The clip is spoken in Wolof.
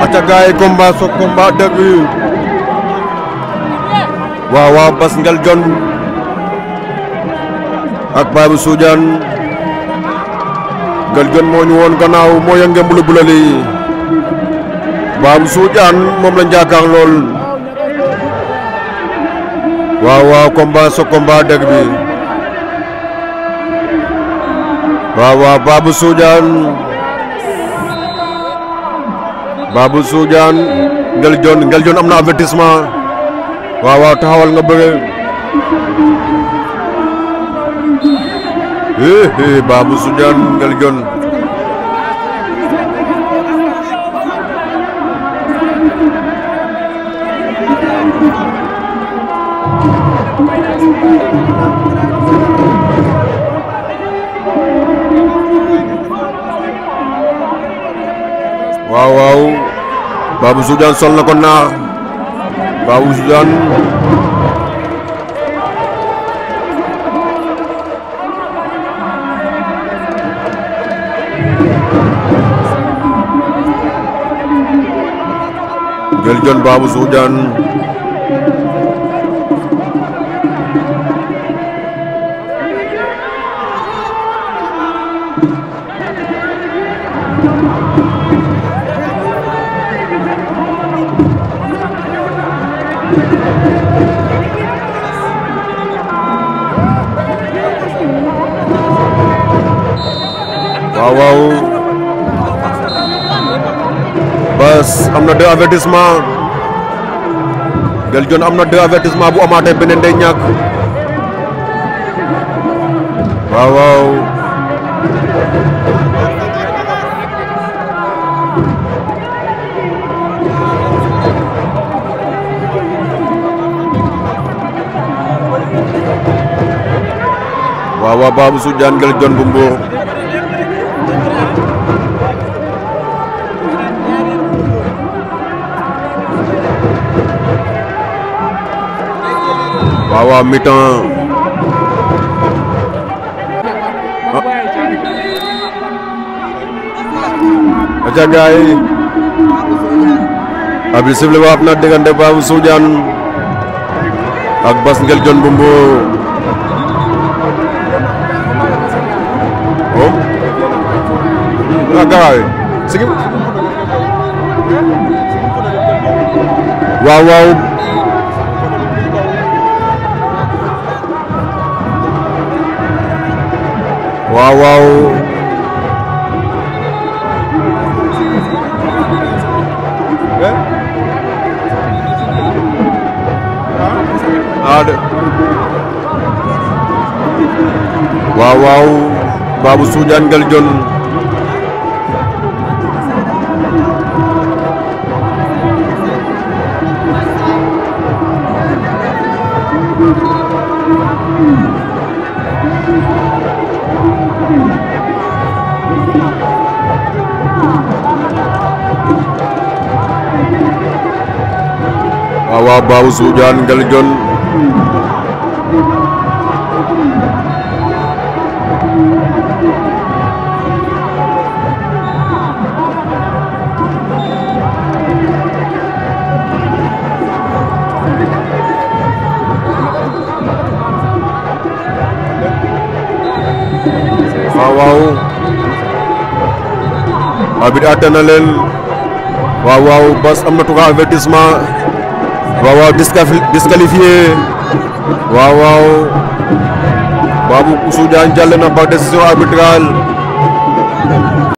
aca gaay combat so combat dëgg waaw waaw bas ngel jon ak babu sujan ngel jon moo ñu woon gannaaw moo bulali babu sujan moom la njaakaar lool waaw waaw combat so combat dëgg bi babu sujan Babou Soudiane Ngel jon Ngel Dione am na avertissement waaw waaw taxawal nga bëre eh eh Babou Soudiane Ngel Dione waaw Babou Soudiane sol na ko naax Babou Soudiane jël jon waaw waaw am na deux avertissement Guel Dione am na deux avertissement bu amaatee beneen day ñàkk waaw waaw waaw waaw Babou Soudiane Guel waaw mi-temps ah. aca gaay abi sifle waat na diggante Babou Soudiane ak Bass Nguel Dione bu Mbour o oh. a ah, gaay sigi waaw waaw waaw waaw eh? waaw waaw Babou Soudiane Nguel Dione Awa bau Sudan Galijon wow, abid ada nalen, wow, waaw bas amna na tuka avertissement waaw waaw disqualifié waaw waaw Babou Soudiane jàll na par décision arbitrale